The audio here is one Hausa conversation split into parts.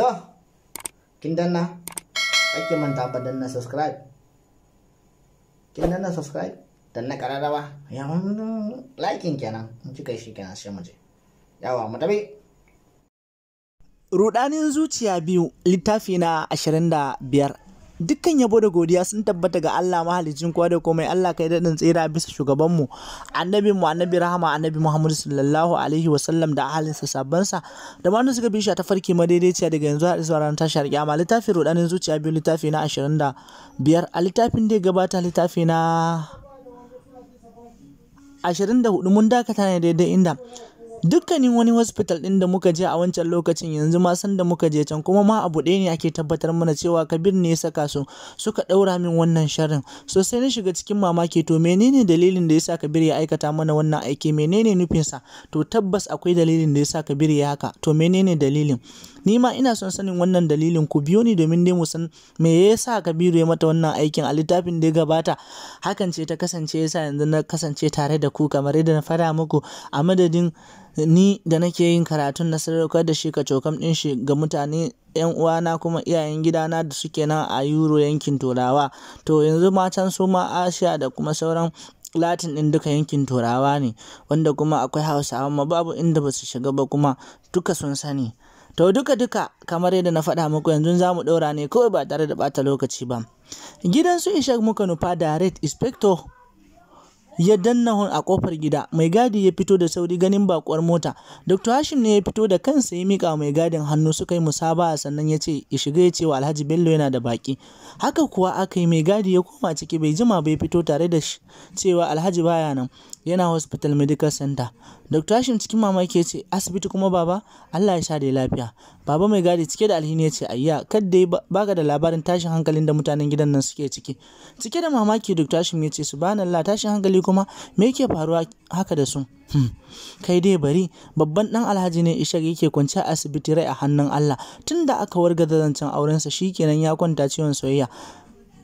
to kin danna ake manta ba danna subscribe kin danna subscribe danna kararawa. ya likin kenan in kika shi kenan sai mu je yawa mu tabi rudanin zuciya biyu littafi na 25 dukkan yabo da godiya sun tabbata ga Allah mahalicin kowa da komai Allah kai daɗin tsira bisa shugabanmu annabi mu annabi rahama annabi Muhammadu sallallahu alaihi sallam da ahalinsa sa da wanda suka bisha ta farki madaidaiciya daga yanzu har zuwa ran tashar kiyama littafin rudanin zuciya biyu littafi na 25 a littafin da ya gabata littafi na 24 mun dakata ne daidai inda dukkanin wani hospital ɗin da muka je a wancan lokacin yanzu ma san da muka je can kuma ma abu ɗaya ne ake tabbatar mana cewa kabir ne ya saka su suka ɗaura min wannan sharrin Sosai na shiga cikin mamaki to menene dalilin da yasa kabir ya aikata mana wannan aiki menene nufinsa to tabbas akwai dalilin da yasa kabir ya haka to menene dalilin ni ma ina son sanin wannan dalilin ku biyo ni domin dai mu san me yasa Kabiru ya mata wannan aikin a littafin da gabata hakan ce ta kasance yasa yanzu na kasance tare da ku kamar yadda na fara muku a madadin ni da nake yin karatun na sadaukar da shi kacokam ɗin shi ga mutane 'yan uwana kuma iyayen gidana da suke nan a yuro yankin turawa to yanzu matan su ma asiya da kuma sauran latin din duka yankin turawa ne wanda kuma akwai hausawa ma babu inda ba su shiga ba kuma duka sun sani to duka duka kamar yadda na faɗa muku yanzu za mu ɗora ne kawai ba tare da ɓata lokaci ba gidan su ishak muka nufa da red inspector ya danna a kofar gida mai gadi ya fito da sauri ganin bakuwar mota dr hashim ne ya fito da kansa ya mika mai gadin hannu suka yi musaba sannan ya ce ya shiga ya ce wa alhaji bello yana da baki haka kuwa aka yi mai gadi ya koma ciki bai jima bai fito tare da cewa alhaji baya nan yana hospital medical center Dr. Hashim cikin mamaki ya ce, Asibiti kuma baba, Allah ya sha da lafiya. Baba mai gadi cike da alhini ya ce, Ayya, kad dai baka da labarin tashin hankalin da mutanen gidan nan suke ciki. Cike da mamaki Dr. Hashim ya ce, Subhanallah, tashin hankali kuma me yake faruwa haka da su? Hmm, kai dai bari, babban dan alhaji ne Ishaq yake kwance a asibiti rai a hannun Allah, tunda aka warga zancen aurensa shi kenan ya kwanta ciwon soyayya.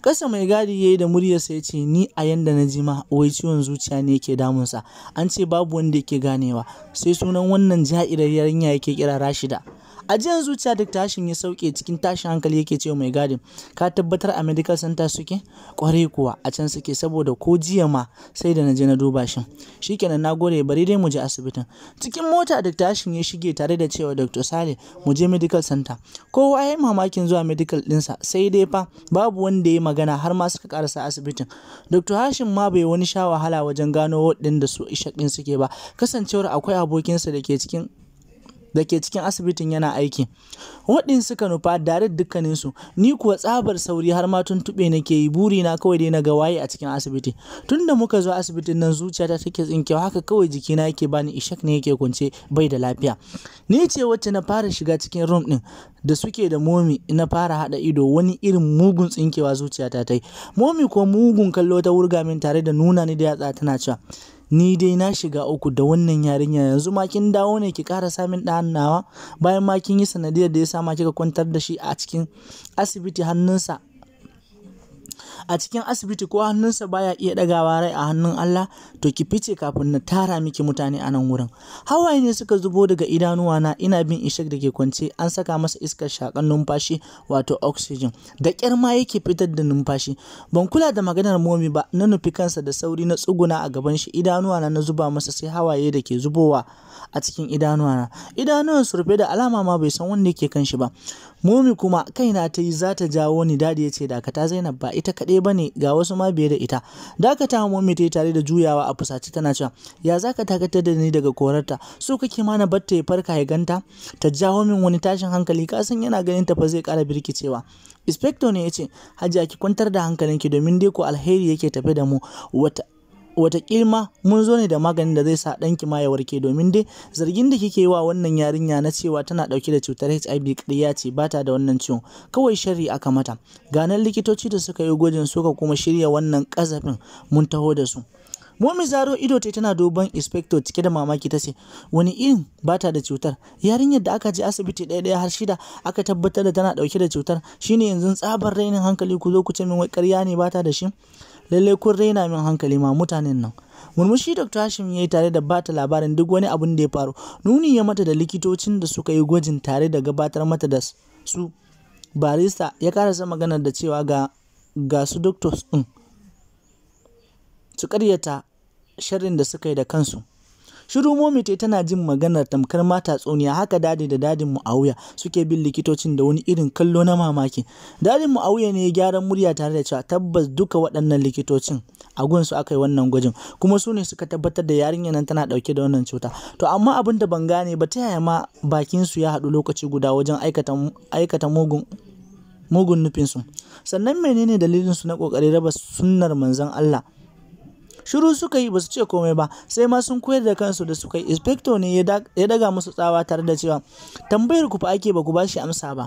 Kasa mai gadi ya yi da muryarsa ya ce ni a yanda na ji ma wai ciwon zuciya ne yake damunsa. An ce babu wanda yake ganewa sai sunan wannan ja'irar yarinya yake kira Rashida. a jiyan zuciya duk tashin ya sauke cikin tashin hankali yake cewa mai gadin ka tabbatar a medical center suke kwarai kuwa a can suke saboda ko jiya ma sai da na je na duba shi shikenan na gode bari dai mu je asibitin cikin mota duk tashin ya shige tare da cewa dr sale mu je medical center kowa ya yi mamakin zuwa medical ɗinsa sai dai fa babu wanda ya magana har ma suka karasa asibitin dr hashim ma bai wani sha wahala wajen gano waɗanda su ishaɗin suke ba kasancewar akwai abokinsa da ke cikin da ke cikin asibitin yana aiki waɗin suka nufa dare dukkaninsu ni kuwa tsabar sauri har ma tuntuɓe nake yi buri na kawai dai na ga waye a cikin asibiti tunda muka zo asibitin nan zuciyata take tsinkewa haka kawai jikina yake bani ishak ne yake kunce bai da lafiya ni ce wacce na fara shiga cikin room ɗin da suke da momi na fara haɗa ido wani irin mugun tsinkewa zuciyata ta yi momi ko mugun kallo ta wurga min tare da nuna ni da yatsa tana cewa ni dai na shiga uku da wannan yarinya yanzu ma kin dawo ne ki ƙara samin ɗan nawa bayan ma kin yi sanadiyar da ya sa ma kika kwantar da shi a cikin asibiti hannunsa a cikin asibiti ko hannunsa baya iya ɗagawa rai a hannun Allah to ki fice kafin na tara miki mutane a nan wurin hawaye ne suka zubo daga idanuwana ina bin ishak da ke kwance an saka masa iskar shakan numfashi wato oxygen da ƙyar ma yake fitar da numfashi ban kula da maganar momi ba na nufi kansa da sauri na tsuguna a gaban shi idanuwana na zuba masa sai hawaye da ke zubowa a cikin idanuwana idanuwan surfe da alama ma bai san wanda yake kan shi ba Momi kuma kaina ta yi za ta jawo ni dadi ya ce dakata Zainab ba ita kaɗai ba ne ga wasu ma biye da ita. Dakata Momi ta yi tare da juyawa a fusace tana cewa ya za ka takatar da ni daga korarta so kake ma na batta ya farka ya ganta ta jawo min wani tashin hankali ka san yana ganin ta fa zai ƙara birkicewa. Inspector ne ya ce Hajiya ki kwantar da hankalinki domin dai ko alheri yake tafe da mu wata kilma mun zo ne da maganin da zai sa ɗanki ma ya warke domin dai zargin da kike yi wa wannan yarinya na cewa tana ɗauke da cutar HIV ƙarya ce ba ta da wannan ciwon kawai sharri aka mata ganan likitoci da suka yi gwajin suka kuma shirya wannan ƙazafin mun taho da su Momi zaro ido ta tana duban inspector cike da mamaki ta ce wani irin bata da cutar yarinyar da aka je asibiti ɗaya ɗaya har shida aka tabbatar da tana ɗauke da cutar shine yanzu tsabar rainin hankali ku zo ku ce min wai ƙarya ne bata da shi lalle kun raina min hankali ma mutanen nan murmushi dr hashim ya yi tare da bata labarin duk wani abun da ya faru nuni ya mata da likitocin da suka yi gwajin tare da gabatar mata da su barista ya karasa maganar da cewa ga ga su doctors ɗin su ƙaryata sharrin da suka yi da kansu shiru momite tana jin maganar tamkar mata tsoniya haka dadi da dadin muawiya suke bin likitocin da wani irin kallo na mamaki dadin muawiya ne ya gyaran murya tare da cewa tabbas duka waɗannan likitocin a su aka yi wannan gwajin kuma su ne suka tabbatar da yarinyar nan tana ɗauke da wannan cuta to amma abin da ban gane ba ta yaya ma bakin su ya haɗu lokaci guda wajen aikata mugun mugun nufinsu sannan menene dalilin su na ƙoƙari raba sunnar manzon Allah shiru suka yi ba su ce komai ba sai ma sun koyar da kansu da suka yi inspecto ne ya daga musu tsawa tare da cewa tambayar ku fa ake ba ku ba shi amsa ba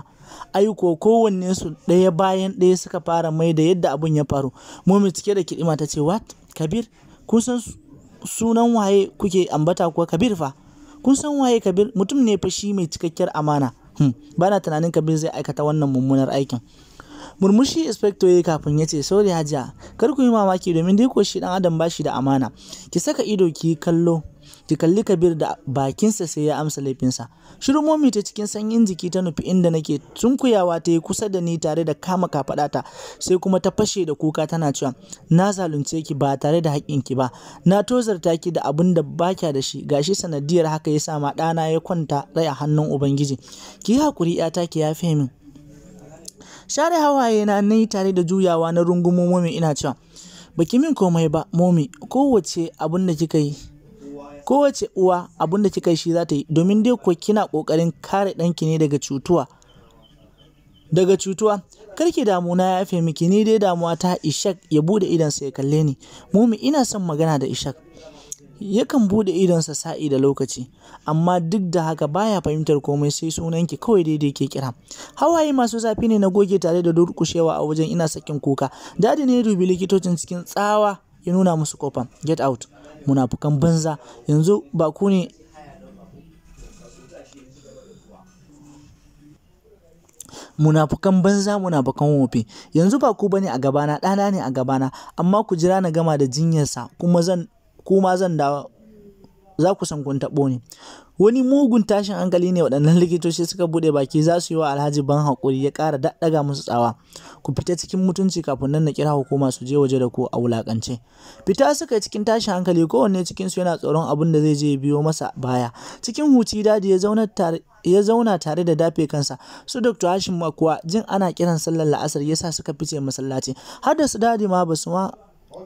aiko kowanne su ɗaya bayan ɗaya suka fara mai da yadda abun ya faru momi cike da kidima ta ce what kabir kun san sunan waye kuke ambata kuwa kabir fa kun san waye kabir mutum ne fa shi mai cikakkiyar amana hmm, bana tunanin kabir zai aikata wannan mummunar aikin murmushi inspector ya kafin ya ce sauri hajiya kar ku yi mamaki domin dai ko shi dan adam shi da amana ki saka ido ki kallo ki kalli kabir da bakinsa sai ya amsa laifinsa shirin momi ta cikin sanyin jiki ta nufi inda nake tunkuyawa ta yi kusa da ni tare da kama kafaɗata sai kuma ta fashe da kuka tana cewa na zalunce ki ba tare da ki ba na tozarta ki da abun da bakya da shi gashi sanadiyar haka ya sa ma ɗana ya kwanta rai a hannun ubangiji ki yi haƙuri 'yata ki yafe min share hawaye na nayi tare da juyawa na rungumo momi ina cewa baki min komai ba momi kowace abin da kika yi kowace uwa abun da kika yi shi za ta yi domin dai ko kina kokarin kare ɗanki ne daga cutuwa daga cutuwa karki damu na yafe miki ni dai damuwa ta ishak ya bude idan sa ya kalle ni momi ina son magana da ishak yakan buɗe idonsa sa'i da lokaci amma duk da haka baya fahimtar komai sai sunanki kawai daidai ke kira hawaye masu zafi ne na goge tare da durkushewa a wajen ina sakin kuka dadi ne ya dubi likitocin cikin tsawa ya nuna musu kofan get out munafukan banza yanzu ba ku ne munafukan banza munafukan wofi yanzu ba ku bane a gabana ɗana ne a gabana amma ku jira na gama da jinyarsa kuma zan kuma zan dawo za ku san kun taɓo ni wani mugun tashin hankali ne waɗannan likitoci suka buɗe baki za su yi wa alhaji ban haƙuri ya ƙara daɗaga musu tsawa ku fita cikin mutunci kafin nan na kira hukuma su je waje da ku a wulaƙance fita suka yi cikin tashin hankali kowanne cikin su yana tsoron abin da zai je biyo masa baya cikin huci dadi ya zauna tare ya zauna tare da dafe kansa su dr hashim kuwa jin ana kiran sallar la'asar yasa suka fice masallaci har da su dadi ma ba su ma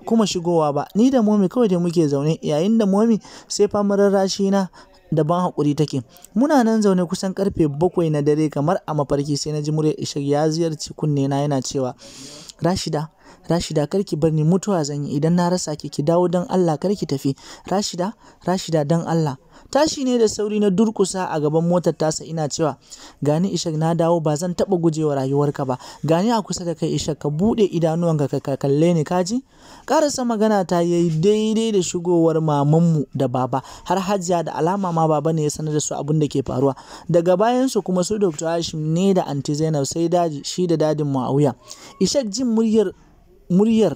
kuma shigowa ba ni da momi kawai da muke zaune yayin da momi sai famarar rashi na da ban haƙuri take muna nan zaune kusan karfe bakwai na dare kamar a mafarki sai na ji murya ishak ya ziyarci kunne na yana cewa rashida Rashida karki bar ni mutuwa zan yi idan na rasa ki ki dawo dan Allah karki tafi Rashida Rashida dan Allah tashi ne da sauri na durkusa a gaban motar tasa ina cewa gani ishak na dawo ba zan taba gujewa rayuwarka ba gani a kusa da kai ishak ka bude idanuwan ka kalle ni kaji karasa magana ta yayi daidai da shigowar mamanmu da baba har hajjia da alama ma baba ne ya sanar da su abin da ke faruwa daga bayan su kuma su dr hashim ne da anti zainab sai daji shi da dadin muawiya ishak jin muryar muryar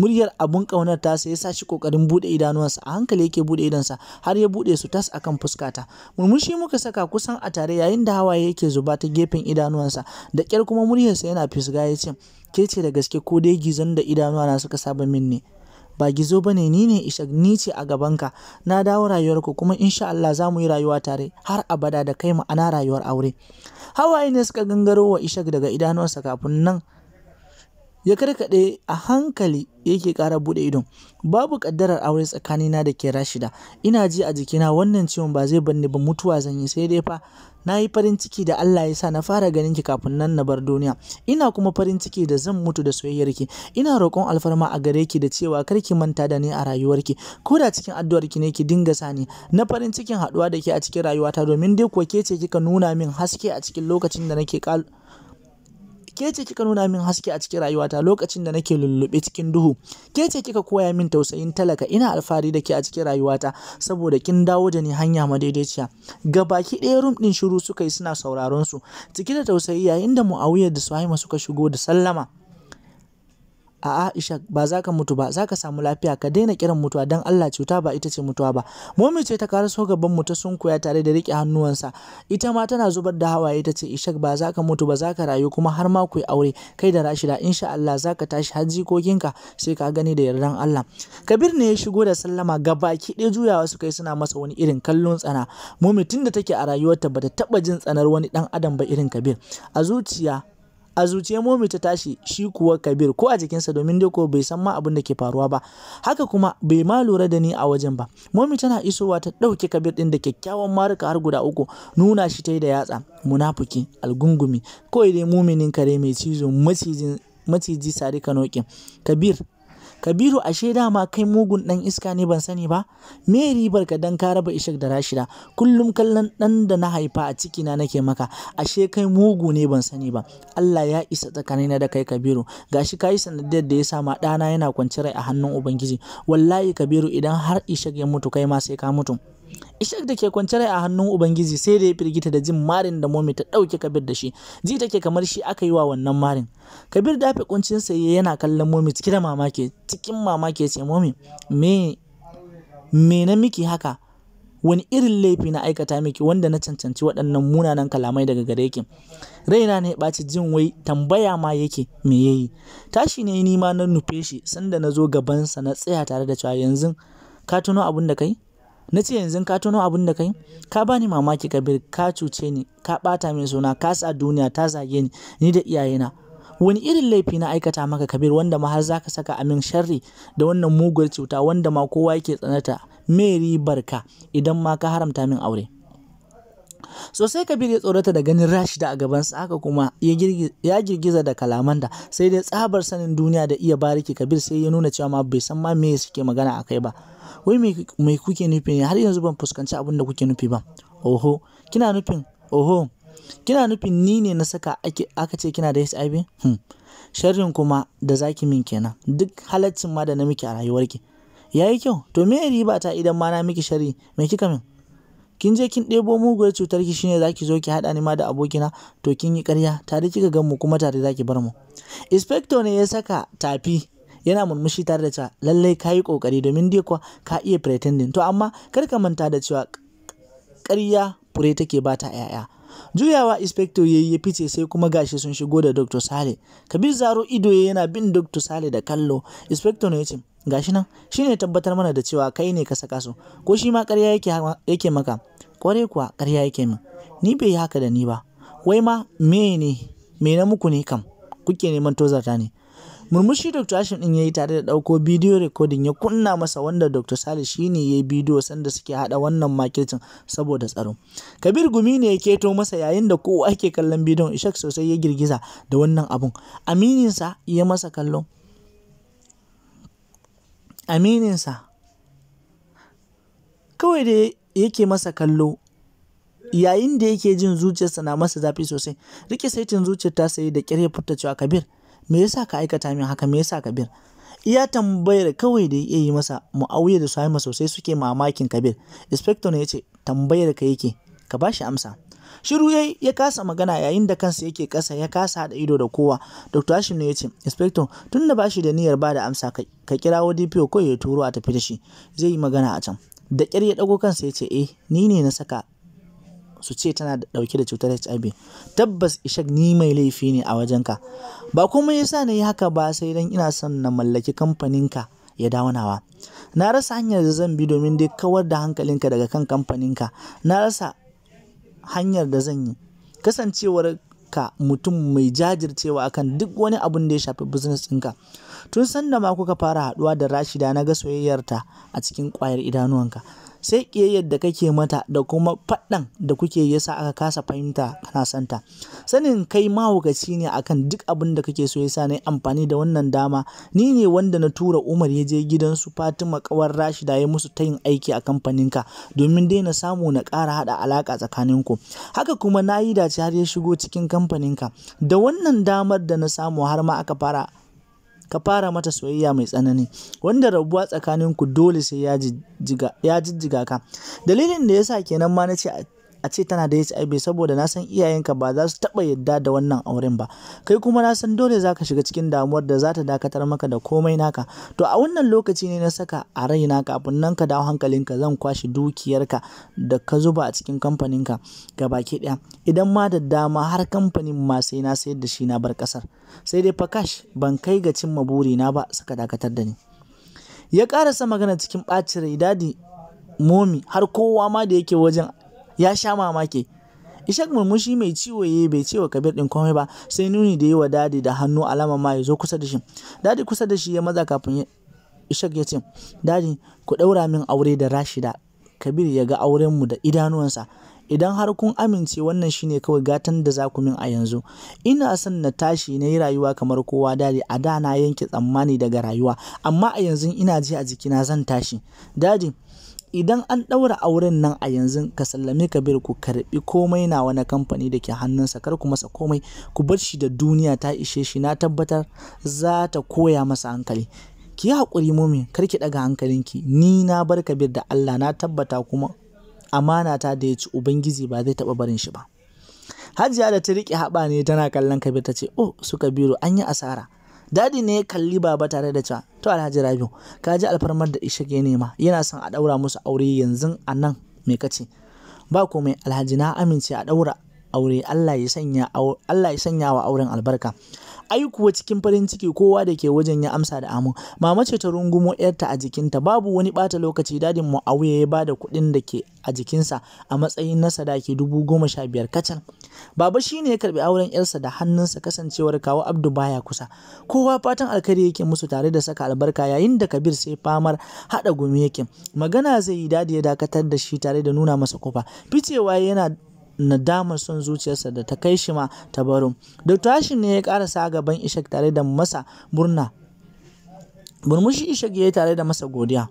muryar abun ƙaunar ta ya sa shi ƙoƙarin buɗe idanuwansa a hankali yake buɗe sa, har ya buɗe su tas akan ta. murmushi muka saka kusan a tare yayin da hawaye yake zuba ta gefen idanuwansa da kyar kuma muryarsa yana fisga ya ce ke ce da gaske ko dai gizon da na suka saba min ne ba gizo ba ne ni ne ishak ni ce a gabanka na dawo rayuwarku kuma insha Allah za mu yi rayuwa tare har abada da kai ma'ana rayuwar aure hawaye ne suka gangaro wa ishak daga idanuwansa kafin nan ya karkaɗe a hankali yake ƙara buɗe idon babu ƙaddarar aure tsakanina da ke rashida ina ji a jikina wannan ciwon ba zai banni ba mutuwa zan yi sai dai fa na yi farin ciki da Allah ya sa na fara ganin ki kafin nan na bar duniya ina kuma farin ciki da zan mutu da soyayyarki ina roƙon alfarma a gare ki da cewa kar ki manta da ni a rayuwarki ko da cikin ki ne ki dinga sani na farin cikin haɗuwa da ke a cikin rayuwata domin dai kuwa ke ce kika nuna min haske a cikin lokacin da nake ƙalu ke ce kika nuna min haske a cikin rayuwata lokacin da nake lullube cikin duhu ke ce kika koya min tausayin talaka ina alfahari da ke a cikin rayuwata saboda kin dawo da ni hanya madaidaiciya baki ɗaya rum ɗin shiru suka yi suna sauraron su Ciki da tausayi yayin da mu'awiyar da suhaima suka shigo da sallama A'a, Aisha ba za ka mutu ba za ka samu lafiya ka daina kiran mutuwa don Allah cuta ba ita ce mutuwa ba Momi ce ta karaso gaban mu ta sunkuya tare da rike hannuwansa ita ma tana zubar da hawaye ta ce Ishak ba za ka mutu ba za ka rayu kuma har ma ku yi aure kai da Rashida insha Allah za ka tashi har jikokinka sai ka gani da yardan Allah Kabir ne ya shigo da sallama gabaki ɗaya juyawa suka yi suna masa wani irin kallon tsana Momi tun da take a rayuwarta ba ta taɓa jin tsanar wani ɗan adam ba irin Kabir a zuciya a zuciya momi ta tashi shi kuwa kabir ko a jikinsa domin dai ko bai san ma abin da ke faruwa ba haka kuma bai ma lura da ni a wajen ba momi tana isowa ta ɗauke kabir ɗin da kyakkyawan maruka har guda uku nuna shi ta yi da yatsa munafuki algungumi ko dai muminin kare mai cizo maciji sarika kanokin. kabir Kabiru ashe dama kai mugun ɗan iska ne ban sani ba? Me ribar ka dan ka raba Ishak da Rashida? Kullum kallon ɗan da na haifa a ciki na nake maka. Ashe kai mugu ne ban sani ba. Allah ya isa tsakanina da kai Kabiru. Gashi ka yi sanadiyar da ya sa ma ɗana yana kwance rai a hannun Ubangiji. Wallahi Kabiru idan har Ishak ya mutu kai ma sai ka mutu. Ishak da ke kwance rai a hannun Ubangiji sai da ya firgita da jin marin da momi ta ɗauke Kabir da shi, ji take kamar shi aka yi wa wannan marin. Kabir da fi kuncinsa yana kallon momi cikin mamake, cikin mamaki ya ce momi, me, me na miki haka? Wani irin laifi na aikata miki wanda na cancanci waɗannan munanan kalamai daga gare ki. Raina ne ɓaci jin wai tambaya ma yake me yayi. Tashi ne ni ma na nufe shi sanda na zo gabansa na tsaya tare da cewa yanzu ka tuno abin da kai? na ce yanzu ka tono abin da kai ka bani mamaki kabir ka cuce ni ka bata min suna ka sa duniya ta zage ni ni da iyayena wani irin laifi na aikata maka kabir wanda ma har zaka saka amin sharri da wannan mugul cuta wanda ma kowa yake tsanata me ribar ka idan ma ka haramta min aure sosai kabir ya tsorata da ganin rashida a gabansa haka kuma ya girgiza da kalamanta sai dai tsabar sanin duniya da iya bariki kabir sai ya nuna cewa ma bai san ma me suke magana a kai ba wai mai kuke nufi ne har yanzu ban fuskanci abin da kuke nufi ba oho kina nufin oho kina nufin ni ne na saka aka ce kina da hiv hmm. sharrin kuma da zaki min kenan duk halaccin ma da na miki a rayuwarki yayi kyau to me riba ta idan ma na miki sharri me kika min kin je kin ɗebo muguwar cutar ki shine zaki zo ki haɗa ni ma da abokina to kin yi ƙarya tare kika gan mu kuma tare zaki bar mu inspector ne ya saka tafi yana murmushi tare da cewa lallai ka yi ƙoƙari domin dai kuwa ka iya pretending to amma kar ka manta da cewa ƙarya fure take ba ta 'ya'ya juyawa inspector yayi ya fice sai kuma gashi sun shigo da dr sale kabir zaro ido yana bin dr sale da kallo inspector ne ya ce gashi nan shine tabbatar mana da cewa kai ne ka saka su ko shi ma ƙarya yake yake maka kware kuwa ƙarya yake min ni bai haka da ni ba wai ma me ne me na muku ne kam kuke neman tozarta ne Murmushi Dr. Ashim din ya yi tare da ɗauko bidiyo recording ya kunna masa wanda Dr. Sale shi ne ya yi bidiyo sanda suke haɗa wannan makircin saboda tsaro. Kabir Gumi ne ya keto masa yayin da kowa ake kallon bidiyon Ishak sosai ya girgiza da wannan abun. Amininsa ya masa kallo. Amininsa kawai da yake masa kallo yayin da yake jin zuciyarsa na masa zafi sosai rike saitin zuciyar ta sayi da kyar ya cewa kabir me yasa ka aikata min haka me yasa kabir iya tambayar kawai da ya yi masa mu'awiya da suhaima sosai suke mamakin kabir inspector ne ya ce tambayar ka yake ka ba shi amsa shiru ya ya kasa magana yayin da kansa yake kasa ya kasa haɗa ido da kowa dr hashim ne ya ce inspector tun da bashi da niyyar ba da amsa ka kirawo dpo ko ya turo a tafi da shi zai yi magana a can da ƙyar ya ɗago kansa ya ce eh ni ne na saka su ce tana da ɗauke da cutar HIV tabbas Ishak ni mai laifi ne a wajen ka. ba kuma yasa na yi haka ba sai dan ina son na mallaki kamfaninka ya dawo nawa na rasa hanyar da zan bi domin dai kawar da hankalinka daga kan kamfaninka na rasa hanyar da zan yi kasancewar ka mutum mai jajircewa akan duk wani abun da ya shafi business ɗinka tun sanda ma kuka fara haɗuwa da rashida na ga soyayyarta a cikin kwayar idanuwanka sai ƙiyayyar da kake mata da kuma faɗan da kuke sa aka kasa fahimta kana santa sanin kai mahaukaci ne akan duk abin da kake so yasa na yi amfani da wannan dama ni ne wanda na tura umar ya je gidan su fatima kawar rashida ya musu ta yin aiki a kamfaninka domin dai na samu na ƙara haɗa alaƙa tsakaninku haka kuma na yi dace har ya shigo cikin kamfaninka da wannan damar da na samu har ma aka fara ka fara mata soyayya mai tsanani wanda rabuwa tsakaninku dole sai ya jijjiga ka dalilin da yasa kenan ma na nace a ce tana da HIV saboda na san iyayenka ba za su taɓa yadda da wannan auren ba kai kuma na san dole za ka shiga cikin damuwar da za ta dakatar maka da komai naka to a wannan lokaci ne na saka a raina kafin nan ka dawo hankalinka zan kwashe dukiyarka da ka zuba a cikin kamfaninka baki ɗaya idan ma da dama har kamfanin ma sai na sayar da shi na bar ƙasar sai dai fakash ban kai ga cimma burina ba suka dakatar da ni ya ƙarasa magana cikin ɓacin rai dadi momi har kowa ma da yake wajen ya sha mamaki Ishak murmushi mai ciwo yayi bai ce wa Kabir din komai ba sai nuni da yi wa dadi da hannu alama ma ya zo kusa da shi. Dadi kusa da shi ya maza kafin Ishak ya ce, "Dadi, ku ɗaura min aure da Rashida." Kabir ya ga auren mu da idanuwansa. Idan har kun amince wannan shine kawai gatan da za ku min a yanzu. Ina son na tashi na yi rayuwa kamar kowa dadi a da na yanke tsammani daga rayuwa, amma a yanzu ina ji a jikina zan tashi. Dadi, idan an ɗaura auren nan a yanzu ka sallame ka bir ku karɓi komai na wani kamfani da ke hannunsa kar ku masa komai ku bar shi da duniya ta ishe shi na tabbatar za ta koya masa hankali ki yi haƙuri mumin, kar ki ɗaga hankalinki ni na bar kabir da allah na tabbata kuma amana ta da ya ci ubangiji ba zai taɓa barin shi ba hajiya da ta riƙe haɓa ne tana kallon kabir ta ce oh su kabiru an yi asara Dadi ne ya kalli baba tare da cewa, to Alhaji Rabiu, ka ji alfarmar da ne nema, yana son a ɗaura musu aure yanzu a nan me kace. Ba komai Alhaji na amince a ɗaura aure Allah ya sanya Allah ya sanya wa auren albarka. Aikuwa cikin farin ciki kowa da ke wajen ya amsa da amin mama ce ta rungumo yarta a jikinta babu wani bata lokaci dadin muawiya ya bada kuɗin da ke a jikinsa a matsayin na sadaki dubu goma sha biyar kacal baba shine ya karbi auren yarsa da hannunsa kasancewar kawo abdu baya kusa kowa fatan alkhairi yake musu tare da saka albarka yayin da kabir sai famar haɗa gumi yake magana zai yi dadi ya dakatar da shi tare da nuna masa kofa ficewa yana nadamar son zuciyarsa da ta kai shi ma ta baro dr hashim ne ya sa gaban ishak tare da masa murna murmushi ishak ya yi tare da masa godiya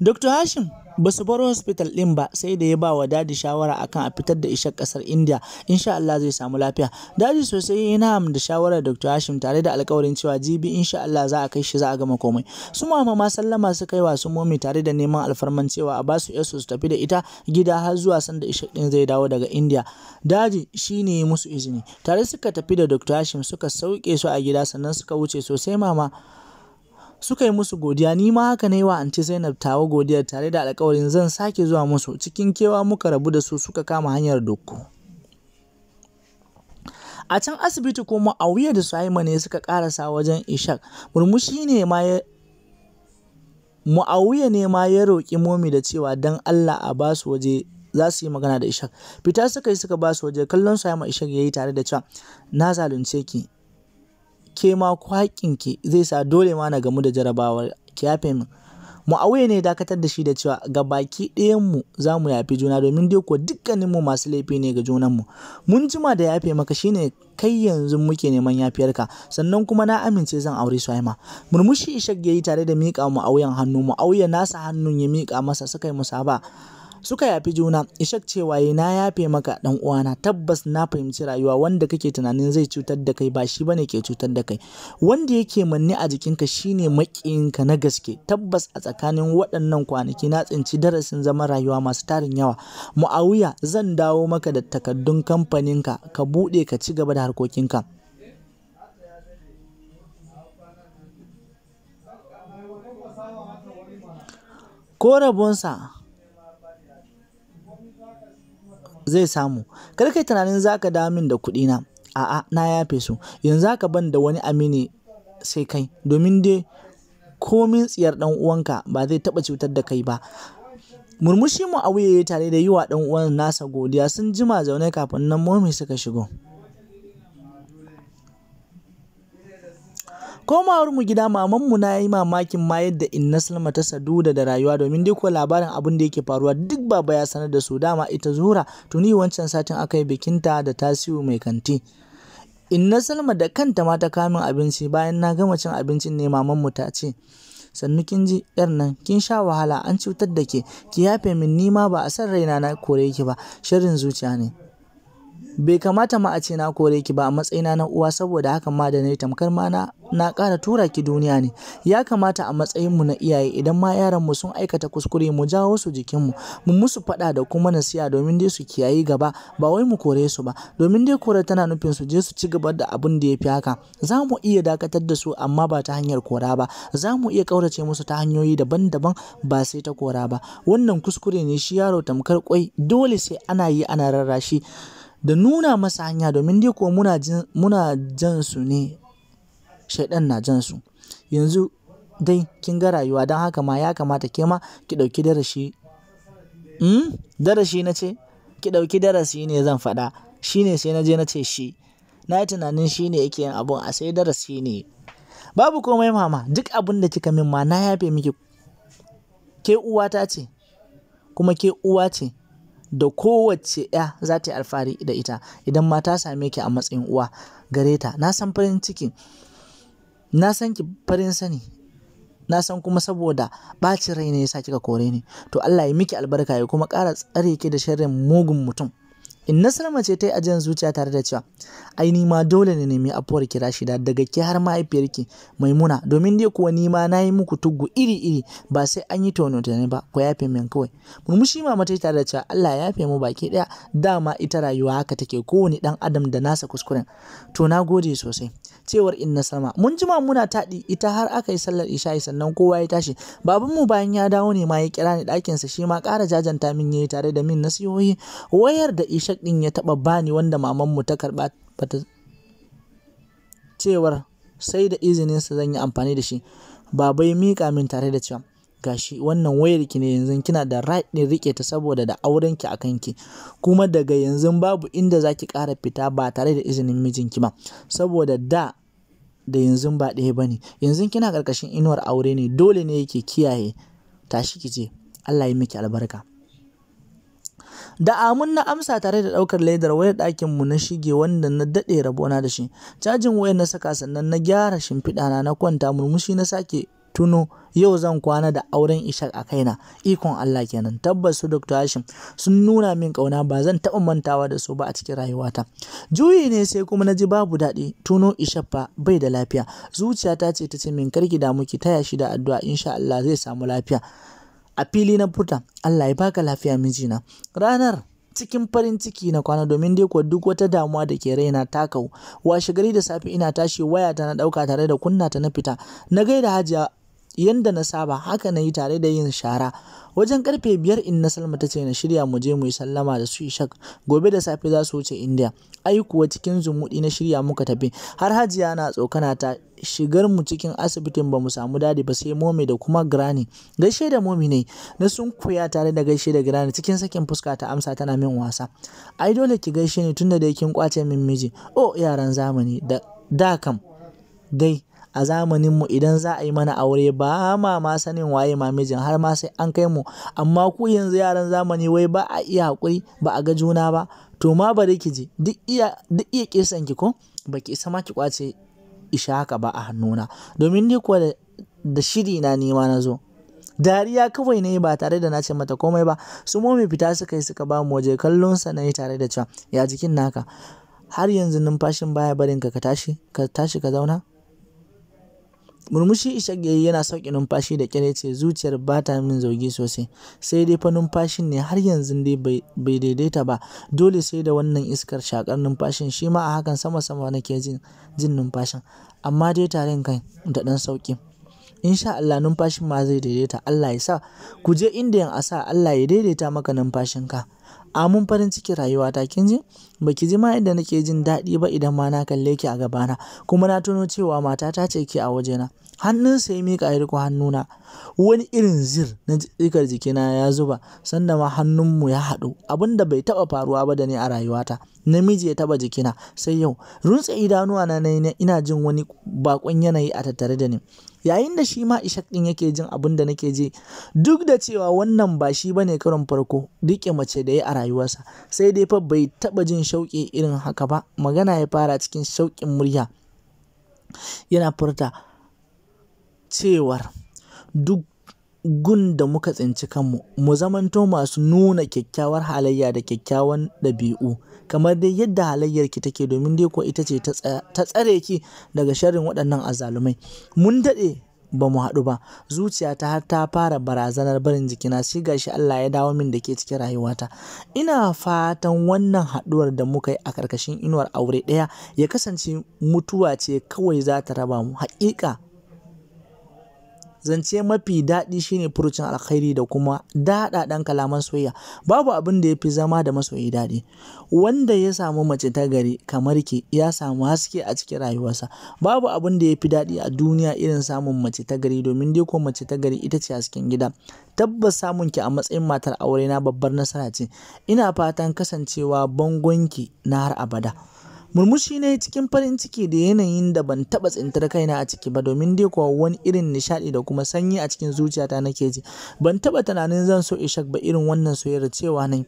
dr hashim ba su bar hospital din ba sai da ya ba wa dadi shawara akan a fitar da ishe kasar india insha Allah zai samu lafiya dadi sosai yana da shawarar dr hashim tare da alƙawarin cewa jibi insha Allah za a kai shi za a gama komai su mama ma sallama kai wa su momi tare da neman alfarman cewa a basu yasu su tafi da ita gida har zuwa sanda ishe din zai dawo daga india daji shine musu izini tare suka tafi da dr hashim suka sauke su a gida sannan suka wuce sosai mama suka yi musu godiya ni ma haka yi wa anti Zainab tawa godiyar tare da alƙawarin zan sake zuwa musu cikin kewa muka rabu da su suka kama hanyar doko a can asibiti ko Muawiya da Suhaima ne suka karasa wajen Ishak murmushi ne ma ya Muawiya ne ma ya roƙi momi da cewa dan Allah a basu waje za su yi magana da Ishak fita suka yi suka basu waje kallon Suhaima Ishak yayi tare da cewa na zalunce ki ke ma kwakin ke zai sa dole ma na gamu da jarabawar ki yafe min ne dakatar da shi da cewa ga baki ɗayan mu za mu yafi juna domin dai ko dukkaninmu masu laifi ne ga junanmu mun jima da yafe maka shine kai yanzu muke neman yafiyarka sannan kuma na amince zan aure suhaima murmushi ishak ya yi tare da miƙa mu'awiyan hannu mu mu'awiya nasa hannun ya miƙa masa suka yi musaba suka yafi juna ishak cewa na yafe maka dan uwana tabbas na fahimci rayuwa wanda kake tunanin zai cutar da kai ba shi bane ke cutar da kai wanda yake manne a jikinka shine makiyinka na gaske tabbas a tsakanin waɗannan kwanaki na tsinci darasin zama rayuwa masu tarin yawa muawiya zan dawo maka da takaddun kamfaninka ka buɗe ka ci gaba da harkokinka ko rabonsa zai samu kar kai tunanin zaka da min da kuɗi na a'a na yafe su yanzu haka ban da wani amini sai kai domin dai komin tsiyar dan uwanka ba zai taba cutar da kai ba murmushi mu a wuya tare da yiwa wa dan uwan nasa godiya sun jima zaune kafin nan momi suka shigo komawar mu gida maman mu na yi mamakin ma yadda inna salma ta saduda da rayuwa domin dai ko labarin abin da yake faruwa duk baba ya sanar da su dama ita zuhura tuni wancan satin akayi bikinta da tasiu mai kanti inna salma da kanta ma ta kamin abinci bayan na gama cin abincin ne maman mu ta ce sannu kin ji yar nan kin sha wahala an cutar da ke ki yafe min nima ba a san raina na kore ki ba shirin zuciya ne bai kamata ma a ce na kore ki ba a matsayina na uwa saboda haka ma da na yi tamkar ma na na ƙara tura ki duniya ne ya kamata a matsayin mu na iyaye idan ma yaran mu sun aikata kuskure mu jawo su jikin mu mu musu faɗa da kuma nasiya domin dai su kiyayi gaba ba wai mu kore su ba domin dai kore tana nufin su je su ci gaba da abin da ya fi haka za mu iya dakatar da su amma ba ta hanyar kora ba za mu iya ƙaurace musu ta hanyoyi daban-daban ba sai ta kora ba wannan kuskure ne shi yaro tamkar kwai dole sai ana yi ana rarrashi shi da nuna masa hanya domin dai kuwa muna jan su ne shaidan na jan su yanzu dai kin ga rayuwa don haka ma ya kamata ke ma ki ɗauki darasi hmm? shi na ce ki ɗauki darasi ne zan faɗa shi ne sai na je na ce shi na yi tunanin shi ne yake yin abun a sai darasi ne babu komai mama duk abin da kika min ma na yafe miki ke uwata ce kuma ke uwa ce da kowace ya za ta yi alfahari da ita idan ma ta same ki a matsayin uwa gare ta na san farin ciki na san ki farin sani na san kuma saboda bacin rai ne sa kika kore ni to Allah ya miki albarka ya kuma ƙara tsare ki da sharrin mugun mutum in nasara mace ta yi ajiyar zuciya tare da cewa ai ma dole ne nemi afuwar kira shida daga ke har mahaifiyarki maimuna domin dai kuwa ni ma na yi muku tuggu iri iri ba sai an yi tono ne ba ku yafe min kawai murmushi ma ta tare da cewa Allah ya yafe mu baki daya dama ita rayuwa haka take kowane dan adam da nasa kuskuren to na gode sosai cewar in na mun jima muna taɗi ita har aka yi sallar isha'i sannan kowa ya tashi baban mu bayan ya dawo ne ma ya kira ni ɗakinsa shi ma ƙara jajanta min yayi tare da min nasihohi wayar da ishak ɗin ya taɓa bani wanda mamanmu ta karɓa bata cewar sai da izininsa zan yi amfani da shi baba ya mika min tare da cewa gashi wannan wayar ki ne yanzu kina da right ɗin rike ta saboda da auren ki akan ki kuma daga yanzu babu inda zaki ƙara fita ba tare da izinin mijinki ba saboda da da yanzu ba ɗaya bane yanzu kina karkashin inuwar aure ne dole ne yake kiyaye tashi ki je Allah ya miki albarka da amun na amsa tare da ɗaukar ledar wayar ɗakin mu na shige wanda na daɗe rabona da shi cajin wayar na saka sannan na gyara shimfiɗa na na kwanta murmushi na sake tuno yau zan kwana da auren ishak a kaina ikon Allah kenan tabbas su Dr. Hashim sun nuna min kauna ba zan taɓa mantawa da su ba a cikin rayuwata juyi ne sai kuma na ji babu daɗi tuno ishak fa bai da lafiya zuciyata ce ta ce min karki da muki taya shi da addu'a insha Allah zai samu lafiya a fili na furta Allah ya baka lafiya mijina ranar cikin farin ciki na kwana domin dai kuwa duk wata damuwa da ke raina ta kau washe gari da safe ina tashi waya ta na dauka tare da kunna ta na fita na gaida hajiya yanda na saba haka na yi tare da yin shara wajen karfe biyar inna salma ta ce na shirya mu je mu yi sallama da su ishak gobe da safe za su wuce india ai kuwa cikin zumuɗi na shirya muka tafi har hajiya na tsokana ta shigar mu cikin asibitin ba mu samu dadi ba sai momi da kuma grani gaishe da momi ne na sun kuya tare da gaishe da grani cikin sakin fuska ta amsa tana min wasa ai dole ki gaishe ni tunda dai kin kwace min miji oh yaran zamani da da kam dai a zamanin mu idan za a yi mana aure ba ma ma sanin waye ma mijin har ma sai an kai mu amma ku yanzu yaran zamani wai ba a iya haƙuri ba a ga juna ba to ma bari ki ji duk iya duk iya kisan ki ko baki isa ma ki kwace isha haka ba a hannuna domin ni kuwa da, shiri na nema na zo dariya kawai ne ba tare da na ce mata komai ba su mai fita suka yi suka ba mu waje kallon sa na yi tare da cewa ya jikin naka har yanzu numfashin baya barin ka ka tashi ka tashi ka zauna murmushi ishak yayi yana sauke numfashi da kyare ce zuciyar ba ta min zaugi sosai sai dai fa numfashin ne har yanzu dai bai daidaita ba dole sai da wannan iskar shakar numfashin shi ma a hakan sama sama nake jin jin numfashin amma dai tarin kai da dan sauki insha Allah numfashin ma zai daidaita Allah ya sa ku je indiyan a sa Allah ya daidaita maka numfashinka amun farin ciki ta kin ji baki ji ma yadda nake jin daɗi ba idan ma na kalle ki a gabana kuma na tuno cewa matata ce ki a wajena sa ya miƙa ya riko hannuna wani irin zir na jikar jikina ya zuba sanda ma hannunmu ya haɗu abin da bai taɓa faruwa ba da ni a rayuwata namiji ya taɓa jikina sai yau runtse idanuwa na ina jin wani bakon yanayi a tattare da ni yayin da shi ma ishak din yake jin abin da nake ji duk da cewa wannan ba shi bane karon farko duke mace da ya a rayuwarsa sai dai fa bai taɓa jin shauƙi irin haka ba magana ya fara cikin shauƙin murya yana furta cewar duk gun da muka tsinci kanmu mu zamanto masu nuna kyakkyawar halayya da kyakkyawan ɗabi'u kamar dai yadda halayyar ki take domin dai ko ita ce ta tsare ki daga sharrin waɗannan azalumai mun daɗe ba mu haɗu ba zuciyata har ta fara barazanar barin jikina sai gashi Allah ya dawo min da ke cikin rayuwata ina fatan wannan haɗuwar da muka yi a karkashin inuwar aure ɗaya ya kasance mutuwa ce kawai za ta raba mu haƙiƙa zance mafi daɗi shine furucin alkhairi da kuma daɗaɗan kalaman soyayya babu abin da ya fi zama da masoyi daɗi wanda ya samu mace ta gari kamar ki ya samu haske a cikin rayuwarsa babu abin da ya fi daɗi a duniya irin samun mace ta gari domin dai ko mace ta gari ita ce hasken gida tabbas samun ki a matsayin matar aure na babbar nasara ce ina fatan kasancewa bangonki na har abada Murmushi ne cikin farin ciki da yanayin da ban taba tsintar kaina a ciki ba domin dai kuwa wani irin nishaɗi da kuma sanyi a cikin zuciyata nake ji. Ban taba tunanin zan so Ishak ba irin wannan soyayyar cewa ne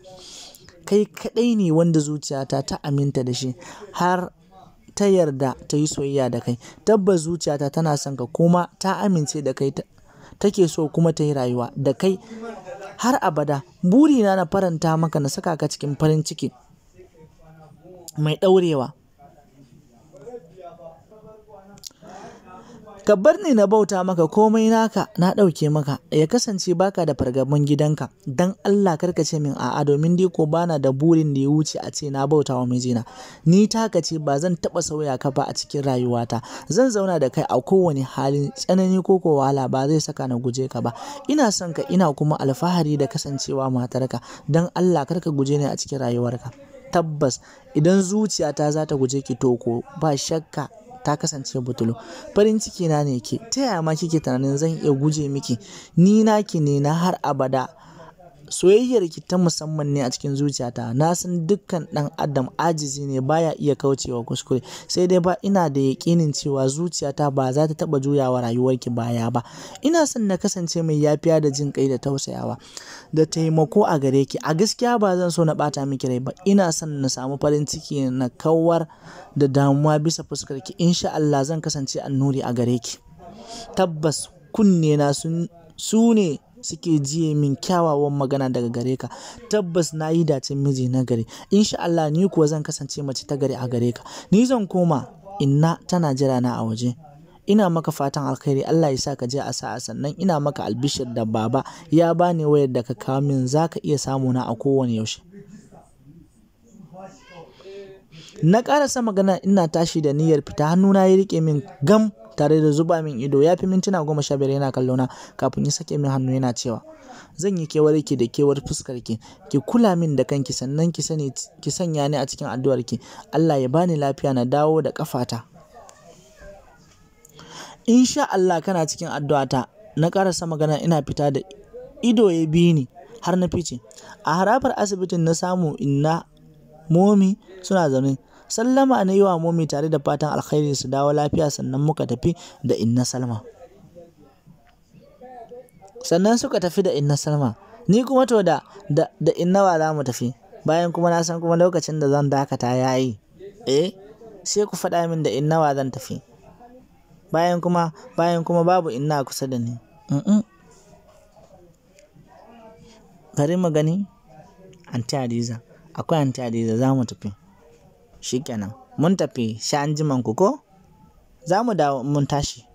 kai kadai ne wanda zuciyata ta aminta da shi har ta yarda ta yi soyayya da kai. Tabbas zuciyata tana son ka kuma ta amince da kai take so kuma ta yi rayuwa da kai har abada. Burina na faranta maka na saka ka cikin farin ciki. mai ɗaurewa. Ka bar ni na bauta maka komai naka na ɗauke maka, ya kasance baka da fargaban gidanka, don Allah karka ce min a'a domin dai ko bana da burin da ya wuce a ce na bauta wa mijina. Ni taka ce ba zan taɓa sauya ka ba a cikin rayuwata, zan zauna da kai a kowane halin tsanani ko ko wahala ba zai saka na guje ka ba. Ina son ka ina kuma alfahari da kasancewa matarka, don Allah karka guje ni a cikin rayuwarka. tabbas idan zuciyata za ta guje ki toko ba shakka ta kasance butulu farin ciki na ne ke ta yaya ma kike tunanin zan iya guje miki ni naki ne na har abada soyayyar ki ta musamman ne a cikin zuciyata na san dukkan ɗan adam ajizi ne baya iya kaucewa kuskure sai dai ba ina da yakinin cewa zuciyata ba za ta taɓa juyawa rayuwarki baya ba ina son na kasance mai yafiya da jin kai da tausayawa da taimako a gare ki a gaskiya ba zan so na bata miki rai ba ina son na samu farin ciki na kawar da damuwa bisa fuskar ki insha Allah zan kasance annuri a gare ki tabbas kunne na sun su suke jiye min kyawawan magana daga gare ka tabbas na yi dacin miji na gari insha Allah ni kuwa zan kasance mace ta gari a gare ka ni zan koma inna tana jira na a waje ina maka fatan alkhairi Allah ya sa ka je a sa'a sannan ina maka albishir da baba ya bani wayar da ka kawo min zaka iya samu na a kowane yaushe na ƙarasa magana ina tashi da niyyar fita hannuna ya rike min gam tare da zuba min ido ya fi mintuna goma sha biyar yana kallo na kafin ya sake min hannu yana cewa zan yi kewar ki da kewar fuskar ki ki kula min da kanki sannan ki sani ki sanya ni a cikin addu'ar ki Allah ya bani lafiya na dawo da kafata insha Allah kana cikin addu'ata na karasa magana ina fita da ido ya bi ni har na fice a harafar asibitin na samu inna momi suna zaune sallama na yi wa momi tare da fatan alkhairi su dawo lafiya sannan muka tafi da inna salma sannan suka tafi da inna salma ni kuma to da da, inna ba za mu tafi bayan kuma na san kuma lokacin da zan dakata ya yi eh sai ku faɗa min da inna wa zan tafi bayan kuma bayan kuma babu inna kusa da ni bari mu gani anti hadiza akwai anti hadiza za mu tafi shikenan mun tafi sha an ku ko za mu dawo mun tashi